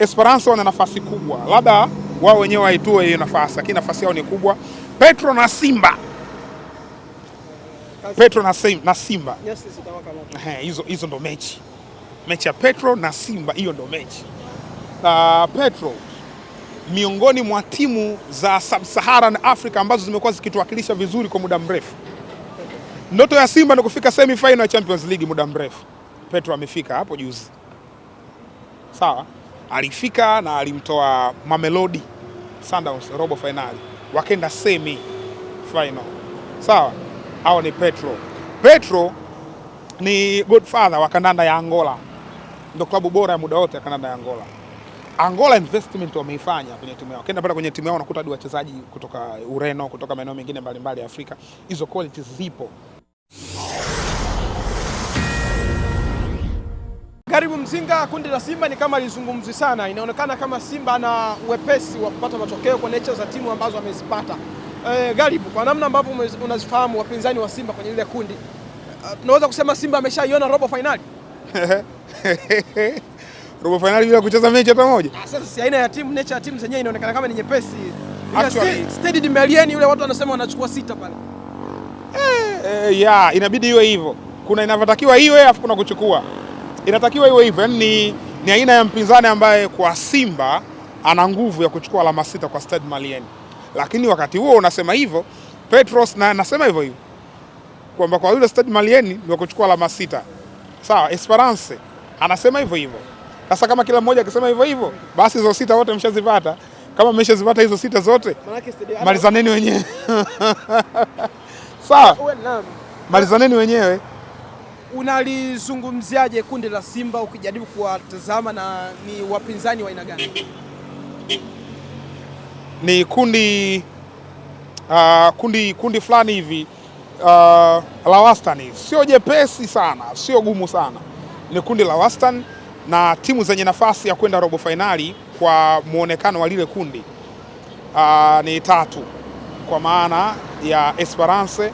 Esperance wana nafasi kubwa, labda wao wenyewe waitoe hiyo nafasi, lakini nafasi yao ni kubwa. Petro na Simba, Petro na Simba, na Simba hizo hizo ndo mechi, mechi ya Petro na Simba, hiyo ndo mechi na Petro miongoni mwa timu za Sub-Saharan Africa ambazo zimekuwa zikituwakilisha vizuri kwa muda mrefu. Ndoto ya Simba ni kufika semi final ya Champions League muda mrefu. Petro amefika hapo juzi. Sawa? alifika na alimtoa Mamelodi Sundowns robo finali wakenda semi final. Sawa, hao ni Petro. Petro ni godfather wa kandanda ya Angola, ndio klabu bora ya muda wote ya kandanda ya Angola. Angola investment wameifanya kwenye timu yao. Kenda pale kwenye timu yao unakuta hadi wachezaji kutoka Ureno, kutoka maeneo mengine mbalimbali ya Afrika. Hizo qualities zipo. Karibu Mzinga, kundi la Simba ni kama lizungumzi sana. Inaonekana kama Simba ana uwepesi wa kupata matokeo kwa nature za timu ambazo amezipata. Eh, Garibu, kwa namna ambavyo unazifahamu wapinzani wa Simba kwenye ile kundi, eh, tunaweza kusema Simba ameshaiona robo fainali robo fainali bila kucheza mechi hata moja. Ah, sasa si aina ya timu, nature ya timu zenyewe inaonekana kama ni nyepesi. Actually, Steady Dembélé yule watu wanasema wanachukua sita pale. Eh, eh, yeah, inabidi iwe hivyo. Kuna inavyotakiwa iwe afu kuna kuchukua inatakiwa iwe hivyo. Yani ni, ni aina ya mpinzani ambaye kwa Simba ana nguvu ya kuchukua alama sita kwa Stade Malien, lakini wakati huo unasema hivyo Petros na nasema hivyo hivyo kwamba kwa yule Stade Malien ni kuchukua alama sita, sawa. Esperance anasema hivyo hivyo. Sasa kama kila mmoja akisema hivyo hivyo, basi hizo sita wote mshazipata. Kama mmeshazipata hizo sita zote, malizaneni wenyewe sawa, malizaneni wenyewe unalizungumziaje kundi la Simba ukijaribu kuwatazama na ni wapinzani wa aina gani? Ni kundi uh, kundi kundi fulani hivi uh, la wastani, sio jepesi sana, sio gumu sana, ni kundi la wastani na timu zenye nafasi ya kwenda robo fainali kwa muonekano wa lile kundi uh, ni tatu, kwa maana ya Esperance,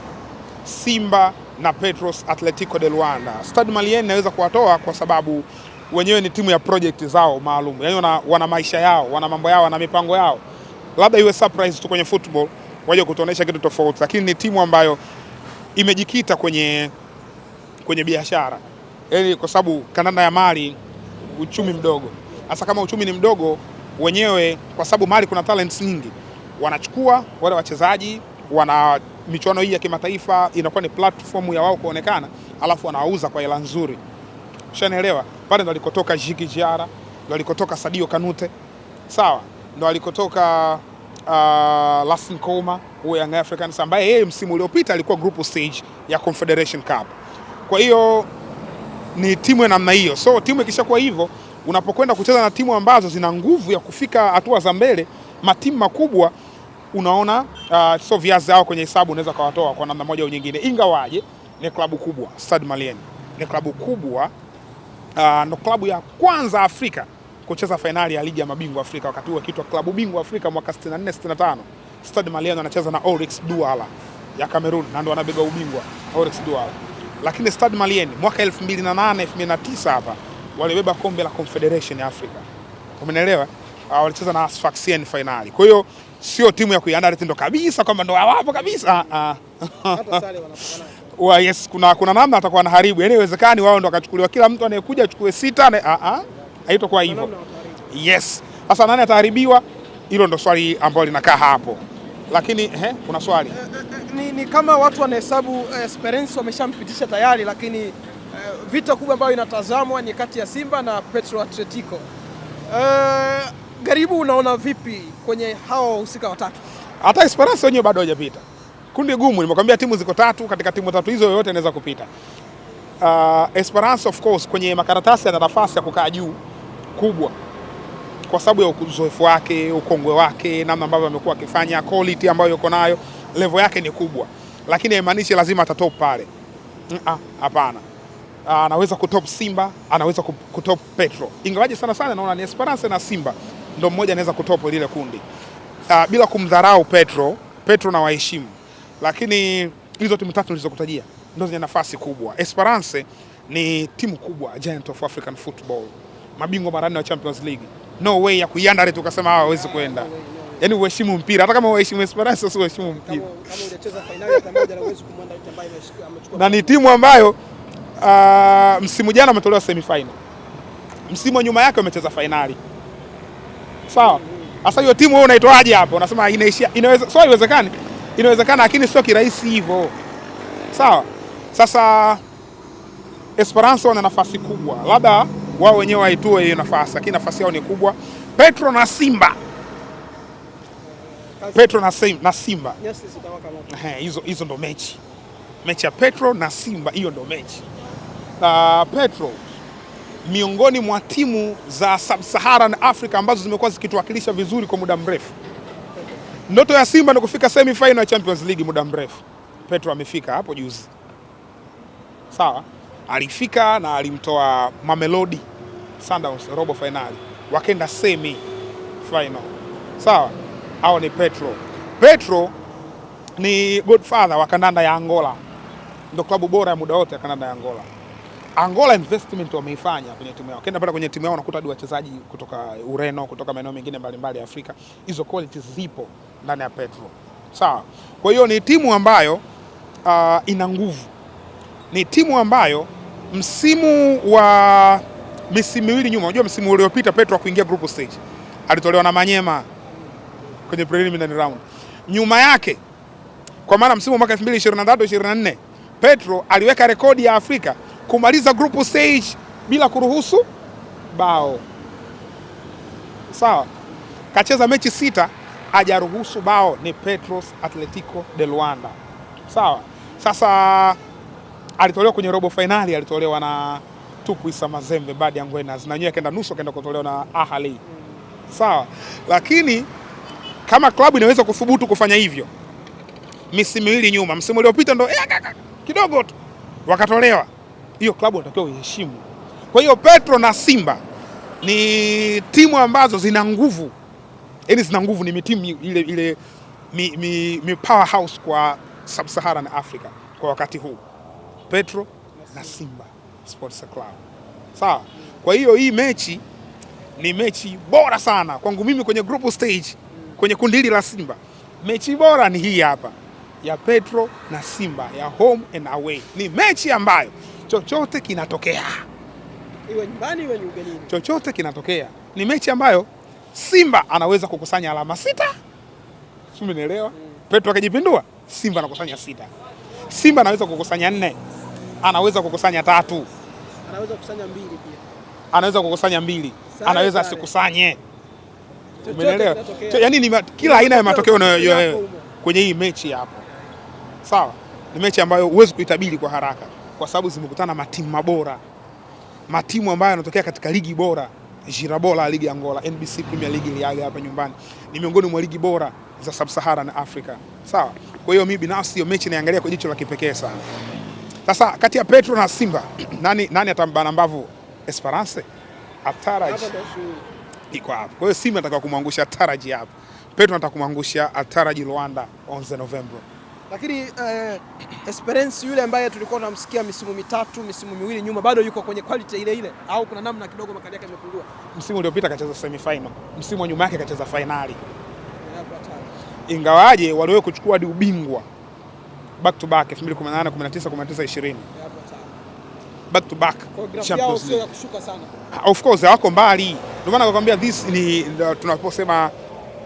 Simba na Petros Atletico de Luanda. Stade Malien naweza kuwatoa kwa sababu wenyewe ni timu ya project zao maalum, yaani wana, wana maisha yao, wana mambo yao, wana mipango yao. Labda iwe surprise tu kwenye football waje kutuonesha kitu tofauti, lakini ni timu ambayo imejikita kwenye, kwenye biashara, yaani kwa sababu kandanda ya Mali uchumi mdogo. Hasa kama uchumi ni mdogo wenyewe, kwa sababu Mali kuna talents nyingi, wanachukua wale wachezaji wana michuano hii ya kimataifa inakuwa ni platform ya wao kuonekana, alafu wanauza kwa hela nzuri. Ushanielewa? Pale ndo alikotoka Jiki Jiara, ndo alikotoka Sadio Kanute, sawa, ndo alikotoka uh, Lasin Koma huyo Young Africans ambaye yeye msimu uliopita alikuwa group stage ya Confederation Cup. Kwa hiyo ni timu ya namna hiyo, so timu ikishakuwa hivyo, unapokwenda kucheza na timu ambazo zina nguvu ya kufika hatua za mbele, matimu makubwa unaona uh, so viazi hao kwenye hesabu unaweza kawatoa kwa namna moja au nyingine, ingawaje ni klabu kubwa. Stade Malien ni klabu kubwa uh, ndo klabu ya kwanza Afrika kucheza fainali ya ligi ya mabingwa Afrika, wakati huo akiitwa klabu bingwa Afrika mwaka 64 65. Stade Malien anacheza na Orix Douala ya Cameroon na ndo anabeba ubingwa Orix Douala. Lakini Stade Malien mwaka 2008 2009 hapa walibeba kombe la Confederation ya Afrika, umeelewa? Uh, walicheza na Sfaxien fainali, kwa hiyo sio timu ya kuiandaa tendo kabisa kwamba ndo hawapo kabisa. wa yes, kuna, kuna namna atakuwa na haribu, yaani iwezekani wao ndo akachukuliwa kila mtu anayekuja achukue sita. Ah, ah, Haitokuwa hivyo. Yes, sasa nani ataharibiwa? Hilo ndo swali ambalo linakaa hapo, lakini eh, kuna swali eh, eh, ni, ni kama watu wanahesabu Esperance wameshampitisha tayari, lakini uh, vita kubwa ambayo inatazamwa ni kati ya Simba na Petro Atletico uh, Garibu, unaona vipi kwenye hao wahusika watatu? Hata Esperance wenyewe bado hajapita. Kundi gumu, nimekwambia timu ziko tatu, katika timu tatu hizo yoyote inaweza kupita. Uh, Esperance of course kwenye makaratasi ana nafasi ya kukaa juu kubwa kwa sababu ya uzoefu wake, ukongwe wake, namna ambavyo amekuwa akifanya, quality ambayo yuko nayo, level yake ni kubwa, lakini haimaanishi lazima atatop pale. Hapana, anaweza kutop Simba, anaweza kutop Petro, ingawaje sana sana naona ni Esperance na Simba ndo mmoja anaweza kutopo lile kundi uh, bila kumdharau Petro. Petro na waheshimu, lakini hizo timu tatu nilizokutajia ndo zenye nafasi kubwa. Esperance ni timu kubwa, giant of African football, mabingwa mara nne wa Champions League. No way ya kuiandare tukasema hawa hawezi kwenda Yaani uheshimu mpira, hata kama uheshimu Esperance, sio uheshimu mpira. Na ni timu ambayo uh, msimu jana umetolewa semi final, msimu wa nyuma yake umecheza fainali sawa. Sasa hiyo timu wewe unaitoaje hapo? Unasema inaishia, inaweza sio, haiwezekani. Inawezekana, lakini sio kirahisi hivyo, sawa. Sasa Esperance wana nafasi kubwa, labda wao wenyewe waitoe hiyo nafasi, lakini nafasi yao ni kubwa. Petro na Simba, Petro na Simba, hizo hizo ndo mechi, mechi ya Petro na Simba, hiyo ndo mechi na Petro miongoni mwa timu za Sub-Saharan Africa ambazo zimekuwa zikituwakilisha vizuri kwa muda mrefu. Ndoto ya Simba ni kufika semi final ya Champions League muda mrefu. Petro amefika hapo juzi, sawa, alifika na alimtoa Mamelodi Sundowns robo finali, wakenda semi final, sawa. Hao ni Petro. Petro ni godfather wa kandanda ya Angola, ndio klabu bora ya muda wote ya kandanda ya Angola. Angola investment wameifanya kwenye timu yao. Ukienda pale kwenye timu yao unakuta hadi wachezaji kutoka Ureno, kutoka maeneo mengine mbalimbali ya Afrika. Hizo qualities zipo ndani ya Petro. Sawa. Kwa hiyo ni timu ambayo uh, ina nguvu. Ni timu ambayo msimu wa misimu miwili nyuma, unajua msimu uliopita Petro kuingia group stage alitolewa na Manyema kwenye preliminary round. Nyuma yake kwa maana msimu mwaka 2023 24 Petro aliweka rekodi ya Afrika kumaliza group stage bila kuruhusu bao. Sawa, kacheza mechi sita hajaruhusu bao, ni Petros Atletico de Luanda. Sawa, sasa alitolewa kwenye robo fainali, alitolewa na Tukwisa Mazembe baada ya Ngwena na yeye akaenda nusu, akaenda kutolewa na Ahali. Sawa, lakini kama klabu inaweza kuthubutu kufanya hivyo misimu miwili nyuma, msimu uliopita ndo eh, kidogo tu wakatolewa hiyo klabu wanatakiwa kuiheshimu. Kwa hiyo Petro na Simba ni timu ambazo zina nguvu, yaani zina nguvu, ni timu ile, ile mi, mi, mi powerhouse kwa sub saharan Africa kwa wakati huu, Petro na Simba Sports Club, sawa. Kwa hiyo hii mechi ni mechi bora sana kwangu mimi kwenye group stage, kwenye kundi hili la Simba mechi bora ni hii hapa ya Petro na Simba ya home and away, ni mechi ambayo chochote kinatokea, iwe nyumbani iwe ugenini, chochote kinatokea. Ni mechi ambayo Simba anaweza kukusanya alama sita, simenielewa mm. Petro akijipindua, Simba anakusanya sita, Simba anaweza kukusanya nne, anaweza kukusanya tatu, anaweza kukusanya mbili pia, anaweza kukusanya mbili, anaweza asikusanye, umenielewa? Yaani ni kila aina ya matokeo kwenye hii mechi hapo, sawa. Ni mechi ambayo huwezi kuitabiri kwa haraka kwa sababu zimekutana matimu mabora, matimu ambayo yanatokea katika ligi bora. Jira Jirabola, ligi ya Angola, NBC Premier League iliaga hapa nyumbani, ni miongoni mwa ligi bora za Sub-Saharan Africa, sawa. Kwa hiyo mimi binafsi hiyo mechi naangalia kwa jicho la kipekee sana. Sasa kati ya Petro na Simba nani, nani atambana mbavu Esperance? Ataraji iko hapo, Kwa hiyo Simba anataka kumwangusha Ataraji hapo, Petro atakumwangusha kumwangusha Ataraji Luanda 11 November. Lakini eh, experience yule ambaye tulikuwa tunamsikia misimu mitatu misimu miwili nyuma bado yuko kwenye quality ile ile, au kuna namna kidogo makali yake yamepungua? Msimu uliopita akacheza semi final, msimu wa nyuma yake akacheza finali, ingawaje waliwahi kuchukua hadi ubingwa back to back 2018 19 19 20 back to back Champions League. Of course wako mbali, ndio maana nakwambia this ni tunaposema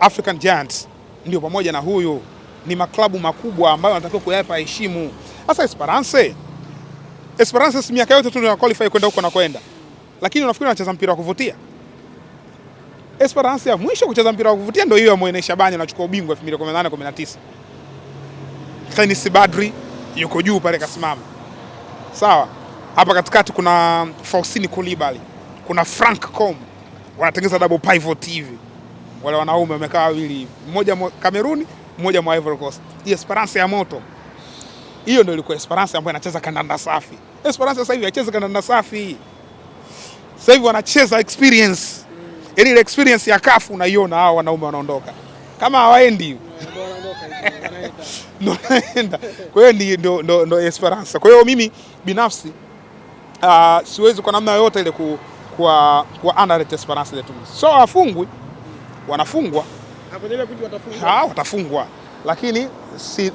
African Giants ndio pamoja na huyu ni maklabu makubwa ambayo wanatakiwa kuyapa heshimu. Sasa Esperance, Esperance si miaka yote tu ndio qualify kwenda huko na kwenda, lakini unafikiri anacheza mpira wa kuvutia? Esperance ya mwisho kucheza mpira wa kuvutia ndio hiyo ya Moenei Shabani anachukua ubingwa 2018 19. Khamis Badri yuko juu pale kasimama, sawa. Hapa katikati kuna Faustini Kulibali, kuna Frank Com, Wanatengeneza double pivot hivi, wale wanaume wamekaa wawili, mmoja Kameruni mmoja mwa Ivory Coast. Hii Esperance ya moto. Hiyo ndio ilikuwa Esperance ambayo inacheza kandanda safi. Esperance sasa hivi haichezi kandanda safi. Sasa hivi wanacheza experience. Yaani ile experience ya kafu unaiona hao wanaume wanaondoka. Kama hawaendi ndio wanaenda. Kwa hiyo ndio ndio ndio Esperance. Kwa hiyo mimi binafsi uh, siwezi kwa namna yoyote ile ku kwa kwa analytics Esperance letu. So afungwi wanafungwa ha, watafungwa, lakini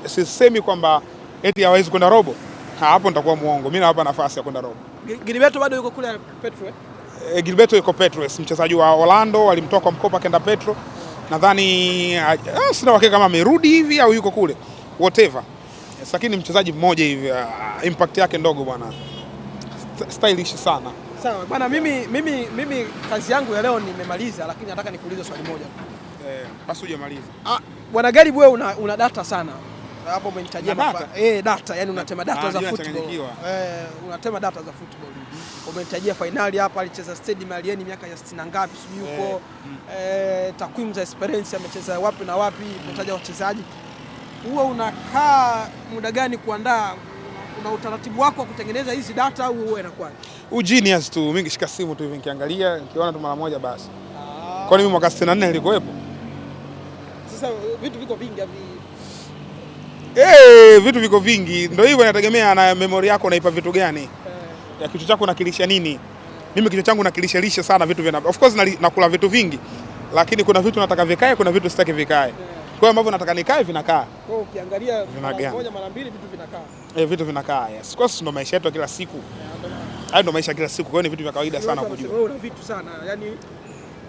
sisemi si kwamba eti hawezi kwenda robo. Ha, Hapo nitakuwa muongo, mimi nawapa nafasi ya kwenda robo. Gilberto bado yuko kule Petro eh? eh Gilberto yuko Petro, mchezaji wa Orlando, walimtoa kwa mkopo akaenda Petro. Nadhani ah, ah, sina uhakika kama amerudi hivi au yuko kule whatever, Yes, lakini mchezaji mmoja hivi, ah, impact yake ndogo bwana, stylish sana. Sawa bwana, mimi, mimi, mimi kazi yangu ya leo nimemaliza, lakini nataka nikuulize swali moja eh, basi hujamaliza. Ah, bwana Garibu wewe una, una data sana hapo umenitajia data. Eh, data yani unatema ah, data za football. Eh, unatema data za football. Umenitajia finali hapa alicheza stadium alieni miaka ya 60 ngapi sijui eh, huko. Mm. Eh, takwimu za Esperance amecheza wapi na wapi, umetaja wachezaji. Huwa unakaa muda gani kuandaa una utaratibu wako wa kutengeneza hizi data au wewe inakuwaje? U genius tu, mimi nikishika simu tu hivi nikiangalia, nikiona tu mara moja basi. Ah. Kwani mimi mwaka 64 nilikuwepo? sasa vitu viko vingi havi Hey, eh, vitu viko vingi ndio hivyo, inategemea na memory yako naipa vitu gani hey. Eh. ya kichwa chako nakilisha nini? Mimi kichwa changu nakilisha lisha sana vitu vina, of course nakula vitu vingi, lakini kuna vitu nataka vikae, kuna vitu sitaki vikae hey. Eh. Kwa hiyo ambavyo nataka nikae vinakaa, kwa hiyo ukiangalia mara moja mara mbili vitu vinakaa eh, vitu vinakaa yes, of course ndio maisha yetu kila siku, hayo yeah, ndio maisha kila siku. Kwa hiyo ni vitu vya kawaida sana kujua, Wewe una vitu sana yani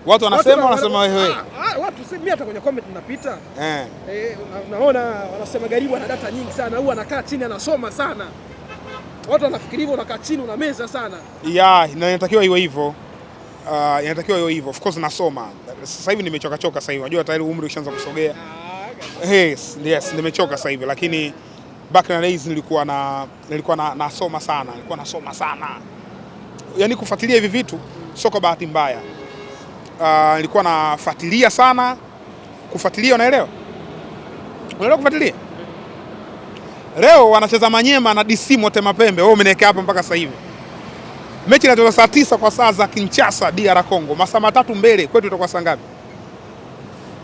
watu wanasema wanasema wewe ah, ah, watu si mimi hata kwenye comment ninapita. eh. E, eh, unaona wanasema Garibu ana data nyingi sana, huwa anakaa chini anasoma sana. Watu wanafikiri hivyo, unakaa chini una meza sana yeah, na inatakiwa iwe hivyo Ah, uh, inatakiwa iwe hivyo. Of course nasoma sasa hivi, nimechoka choka sasa hivi, Unajua tayari umri ushaanza kusogea ah, yes, yes, nimechoka sasa hivi, lakini back in the days nilikuwa na nilikuwa na, nasoma sana, nilikuwa nasoma sana, yaani kufuatilia hivi vitu sio kwa bahati mbaya Ah, nilikuwa uh, nafuatilia sana kufuatilia, unaelewa, unaelewa kufuatilia. Leo wanacheza Manyema na DC Mote Mapembe, wao umeniwekea hapa mpaka sasa hivi. Mechi inacheza saa tisa kwa saa za Kinshasa, DR Congo, masaa matatu mbele kwetu. Itakuwa saa ngapi?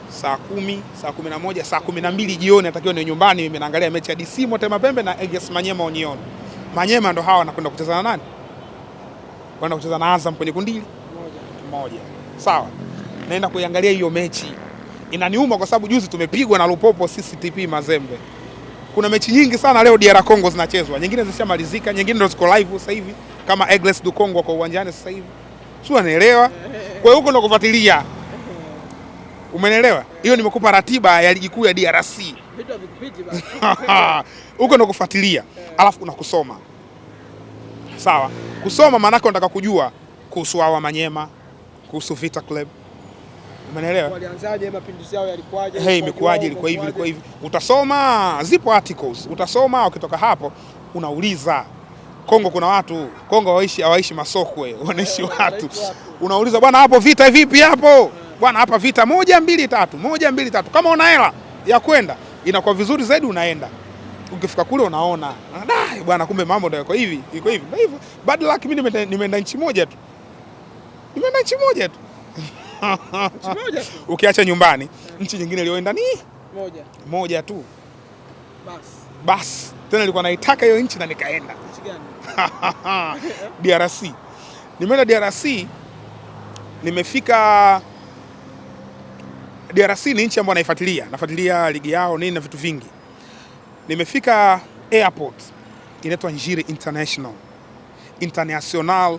Saa kumi, saa kumi na moja, saa kumi na mbili jioni, atakiwa ni nyumbani. Mimi naangalia mechi ya DC Mote Mapembe na AS Manyema Union. Manyema ndo hawa wanakwenda kucheza na nani? Wanakwenda kucheza na Azam kwenye kundili moja, sawa. Naenda kuiangalia hiyo mechi, inaniuma kwa sababu juzi tumepigwa na Lupopo sisi TP Mazembe. Kuna mechi nyingi sana leo DR Congo zinachezwa, nyingine zishamalizika, nyingine ndo ziko live sasa hivi, kama Eagles du Congo kwa uwanjani sasa hivi, sio anaelewa. Kwa hiyo huko ndo kufuatilia, umenelewa? Hiyo nimekupa ratiba ya ligi kuu ya DRC huko ndo kufuatilia, alafu kuna kusoma, sawa. Kusoma maanake nataka kujua kuhusu hawa manyema kuhusu Vita Club. Umeelewa? Walianzaje mapinduzi yao yalikuwaje? Hey, imekuwaje ilikuwa hivi ilikuwa hivi. Utasoma zipo articles. Utasoma ukitoka hapo unauliza Kongo kuna watu Kongo waishi hawaishi masokwe, wanaishi eh, watu. Watu. Unauliza bwana, hapo vita vipi hapo? Bwana, hapa vita moja mbili tatu, moja mbili tatu. Kama una hela ya kwenda inakuwa vizuri zaidi, unaenda. Ukifika kule unaona, dai bwana, kumbe mambo ndio yako hivi, iko hivi. Bad luck, mimi nimeenda nchi moja tu. Nime mechi moja tu ukiacha nyumbani, nchi nyingine iliyoenda ni moja, moja tu Bas. Bas. Tena nilikuwa naitaka hiyo nchi na nikaenda. DRC nimeenda DRC, nimefika DRC ni nchi ambayo naifuatilia, nafuatilia ligi yao nini na vitu vingi. Nimefika airport inaitwa Njiri International International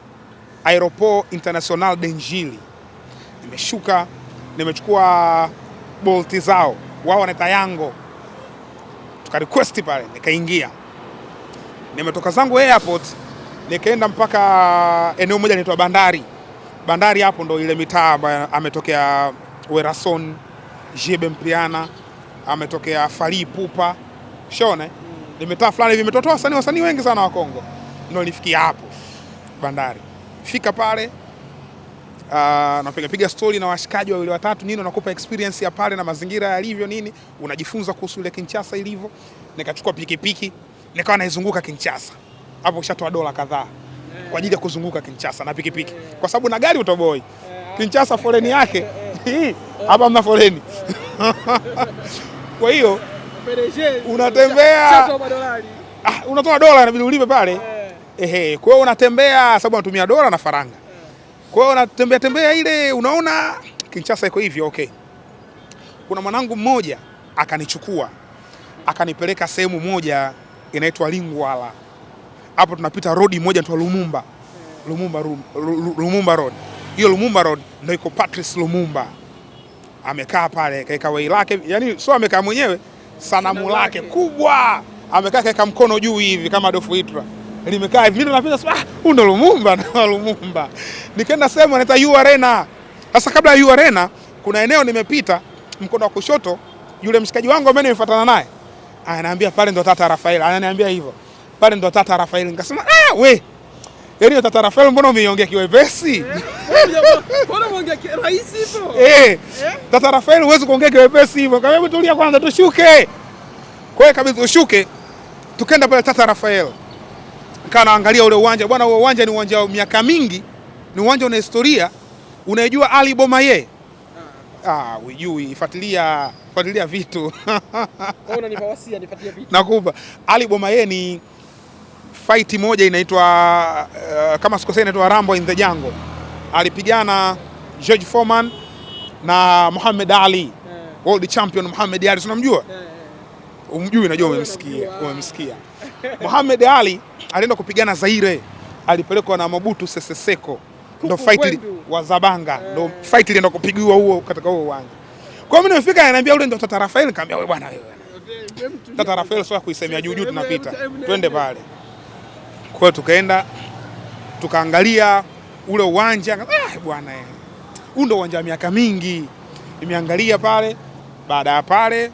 Aeroport International Denjili. Nimeshuka, nimechukua bolti zao, wao wanaita yango, tuka request pale, nikaingia. Nimetoka zangu airport nikaenda mpaka eneo moja linaitwa bandari. Bandari hapo ndo ile mitaa ambayo ametokea Werason Jebe Mpiana, ametokea Fally Ipupa, shona eh? ni mitaa fulani hivi imetotoa wasanii wasanii wengi sana wa Kongo, ndo nilifikia hapo bandari fika pale Uh, piga story na washikaji wawili watatu nini, unakupa experience ya pale na mazingira yalivyo nini, unajifunza kuhusu ile Kinshasa ilivyo. Nikachukua pikipiki nikawa naizunguka Kinshasa, hapo ushatoa dola kadhaa kwa ajili ya kuzunguka Kinshasa na pikipiki, kwa sababu na gari utoboi Kinshasa, foleni yake hapa mna foleni kwa hiyo unatembea, ah, unatoa dola inabidi ulipe pale eh. Ehe, kwa hiyo unatembea sababu unatumia dola na faranga. Kwa hiyo unatembea tembea ile unaona Kinshasa iko hivyo okay. Kuna mwanangu mmoja akanichukua akanipeleka sehemu moja inaitwa Lingwala. Hapo tunapita rodi moja tu Lumumba. Lumumba Lumumba Road. Hiyo Lumumba Road ndio iko Patrice Lumumba. Amekaa pale kaika wei lake, yani sio amekaa mwenyewe, sanamu lake kubwa. Amekaa kaika mkono juu hivi kama Adolf Hitler limekaa hivi, mimi napita sema ah, huyu ndo Lumumba na Lumumba. Nikaenda sehemu inaitwa U Arena. Sasa kabla ya U Arena kuna eneo nimepita mkono wa kushoto, yule mshikaji wangu ambaye nimefuatana naye ananiambia pale ndo Tata Rafael, ananiambia hivyo pale ndo Tata Rafael. Nikasema ah, we yaani Tata Rafael, mbona umeiongea kiwepesi? Eh, mbona umeongea rahisi hivyo? Eh, eh, Tata Rafael huwezi kuongea kiwepesi hivyo. Kama hebu tulia kwanza, tushuke. Kwa hiyo kabisa ushuke, tukaenda pale Tata Rafael nikawa naangalia ule uwanja bwana, ule uwanja ni uwanja wa miaka mingi, ni uwanja una historia. Unaijua Ali Boma ye? Ah, ah ujui? Fuatilia, fuatilia vitu nakupa. Ali Boma ye ni fight moja inaitwa uh, kama sikosei inaitwa Rambo in the Jungle. Alipigana George Foreman na Muhammad Ali yeah. World champion Muhammad Ali, unamjua? Yeah, yeah. Eh. Umjui? Najua umemsikia, umemsikia Muhammad Ali alienda kupigana Zaire, alipelekwa na Mobutu Sese Seko, ndo fight wa Zabanga, ndo eh. fight ilienda kupigiwa huo katika huo uwanja. Kwa hiyo mimi nimefika, ananiambia yule ndo Tata Rafael, nikamwambia wewe bwana wewe. Tata Rafael sio kuisemea juu juu, tunapita twende pale. Kwa hiyo tukaenda tukaangalia ule uwanja ah, bwana eh, huu ndo uwanja wa miaka mingi, nimeangalia pale. Baada ya pale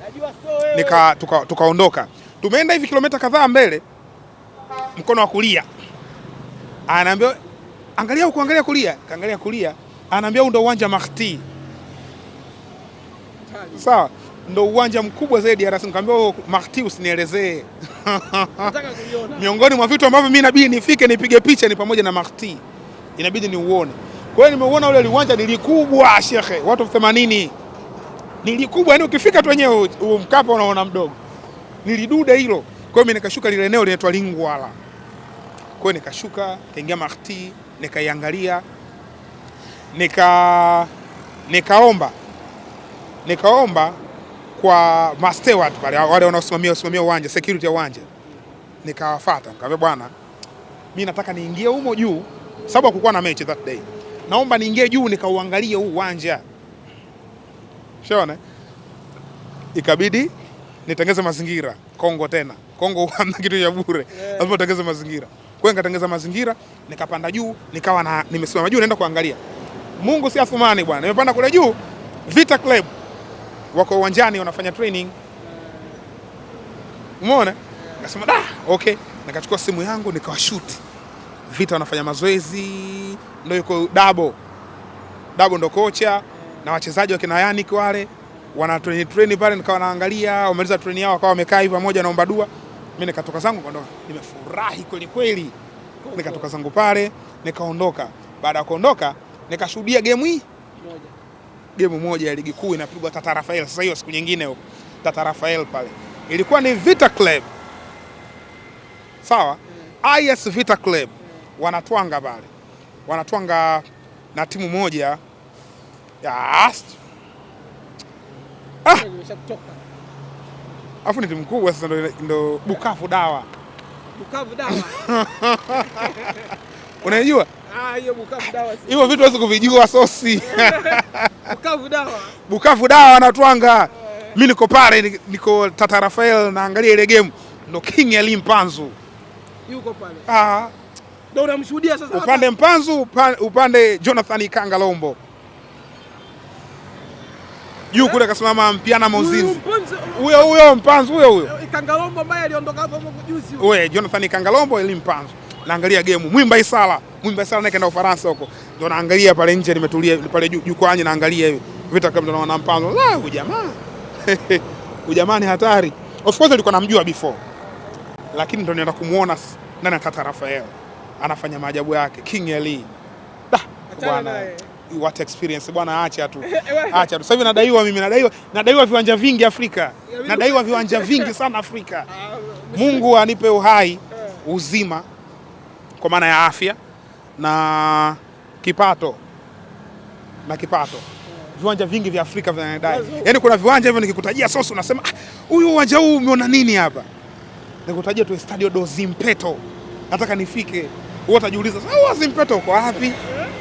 nika tukaondoka tuka Tumeenda hivi kilomita kadhaa mbele, mkono wa kulia anaambia angalia huko, angalia kulia, kaangalia kulia, anaambia huu ndo uwanja Makhti. Sawa, ndo uwanja mkubwa zaidi ya rasmi. Kaambia oh, Makhti, usinielezee miongoni mwa vitu ambavyo mimi inabidi nifike nipige picha ni pamoja na Makhti, inabidi niuone. Kwa hiyo nimeuona ule uwanja, ni likubwa shekhe, watu 80 ni likubwa, yani ukifika tu wenyewe mkapa unaona mdogo nilidude hilo. Kwa hiyo nikashuka lile eneo linaitwa Lingwala. Kwa hiyo nikashuka, kaingia Marti, nikaiangalia, nika nikaomba nikaomba kwa masteward pale wale wanaosimamia usimamia uwanja security ya uwanja, nikawafuata nikamwambia, bwana, mimi nataka niingie humo juu, sababu hakukuwa na mechi that day, naomba niingie juu nikauangalie huu uwanja. Shaona, ikabidi nitengeze mazingira Kongo. Tena Kongo hamna kitu cha bure, lazima utengeze mazingira. Kwa hiyo nikatengeza mazingira, nikapanda juu, nikawa na nimesimama juu, naenda kuangalia. Mungu si athumani bwana, nimepanda kule juu, Vita Club wako uwanjani wanafanya training, umeona? Nikasema da, okay, nikachukua simu yangu shoot. Vita wanafanya mazoezi, ndio yuko Dabo, Dabo ndo kocha na wachezaji wakina Yanik wale wana treni treni pale, nikawa naangalia wamaliza treni yao, wakawa wamekaa hivi pamoja, naomba dua. Mimi nikatoka zangu kaondoka, nimefurahi kweli kweli, nikatoka zangu pale nikaondoka. Baada ya kuondoka, nikashuhudia game hii moja, game moja ya ligi kuu inapigwa Tata Rafael. Sasa hiyo siku nyingine huko Tata Rafael pale ilikuwa ni Vita Club, sawa mm. IS Vita Club mm. wanatwanga pale, wanatwanga na timu moja ya Ast ah. Afu ni timu kubwa sasa, ndo Bukavu dawa, Bukavu dawa unaijua ah, hivyo vitu wezi kuvijua sosi Bukavu dawa, Bukavu dawa natwanga Mimi niko pale, niko Tata Rafael naangalia ile game, ndo king Ali Mpanzu yuko pale. Ah, Ndio unamshuhudia sasa, upande Mpanzu upande Jonathan Ikanga Lombo juu kule kasimama mpiana mozizi huyo huyo mpanzu huyo huyo eh, Kangalombo ambaye aliondoka hapo juzi, wewe Jonathan Kangalombo ili mpanzu. Naangalia game Mwimba Isala, Mwimba Isala naye kaenda Ufaransa huko, ndio naangalia pale nje, nimetulia pale juu jukwaani, naangalia hiyo vita kama tunaona mpanzu. La, huyu jamaa huyu jamaa ni hatari. Of course nilikuwa namjua before, lakini ndio naenda kumuona nani atata Rafael anafanya maajabu yake King Ali. Da, bwana what experience bwana, acha tu acha tu. Sasa hivi nadaiwa mimi, nadaiwa nadaiwa viwanja vingi Afrika, nadaiwa viwanja vingi sana Afrika. Ah, Mungu anipe uhai, eh. uzima kwa maana ya afya na kipato na kipato. Viwanja vingi vya Afrika vinanidai, yaani kuna viwanja hivyo nikikutajia sosi unasema ah, huyu ah, uwanja huu umeona nini hapa? Nikutajia tu Stadio do Zimpeto, nataka nifike. Wewe utajiuliza sasa, Zimpeto uko wapi?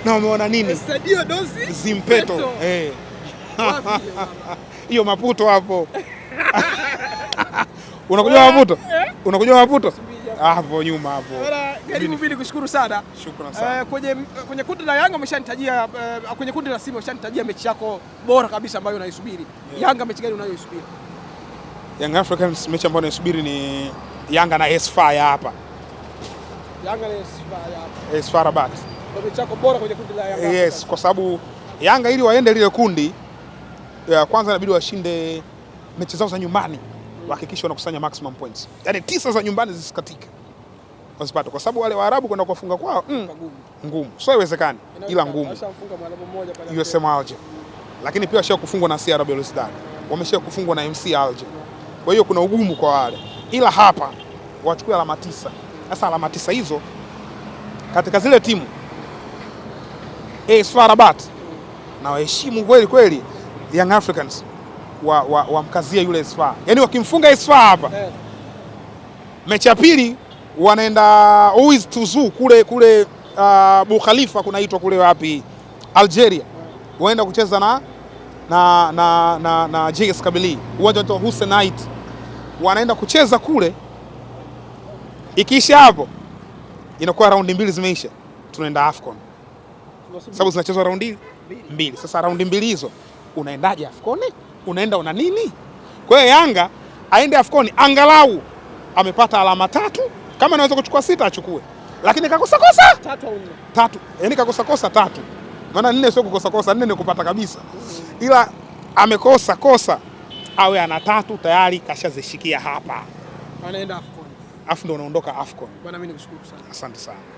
na wameona nini Sadio Dosi Zimpeto eh. hiyo Maputo hapo unakujua Maputo eh? unakujua Maputo hapo nyuma hapo. Karibu vile, kushukuru sana, shukrani sana. Eh, kwenye kwenye kundi la Yanga umeshanitajia, eh, kwenye kundi la Simba umeshanitajia mechi yako bora kabisa ambayo unaisubiri yeah. Yanga mechi gani unayoisubiri? Young Africans mechi ambayo naisubiri ni Yanga na AS FAR hapa. Yanga na AS FAR hapa. AS FAR Rabat chako bora kwenye kundi la Yanga. Yes, kwa sababu Yanga ili waende lile kundi ya kwanza inabidi washinde mechi zao za nyumbani wahakikishe wanakusanya maximum points, yaani tisa za nyumbani zisikatike wazipate, kwa sababu wale Waarabu kwenda kuwafunga kwao mm, ngumu, Sio iwezekani ila ngumu USM Alger, lakini pia washa kufungwa na CR Belouizdad, wamesha kufungwa na MC Alger, kwa hiyo kuna ugumu kwa wale, ila hapa wachukue alama tisa. Sasa alama tisa hizo katika zile timu AS FAR Rabat na waheshimu kweli kweli Young Africans wa, wa, wa yule AS FAR. Yaani wakimfunga AS FAR hapa yeah. Mechi ya pili wanaenda Ouiz Touzour kule kule uh, ah, Bukhalifa kunaitwa kule wapi Algeria yeah. Waenda kucheza na na, na, na, na JS Kabylie uwanja wa Hussein wanaenda kucheza kule. Ikiisha hapo inakuwa raundi mbili zimeisha, tunaenda AFCON sababu zinachezwa raundi mbili. Sasa raundi mbili hizo unaendaje Afcon? Unaenda una nini? Kwa hiyo Yanga aende Afkoni angalau amepata alama tatu, kama anaweza kuchukua sita achukue, lakini kakosa kosa tatu au nne tatu, yani kakosa kosa tatu, maana nne sio kukosa kosa, nne ni kupata kabisa, mm. ila amekosa kosa awe ana tatu tayari kashazishikia hapa, anaenda Afkoni afu ndo unaondoka Afkoni. Bwana mimi nikushukuru sana, asante sana.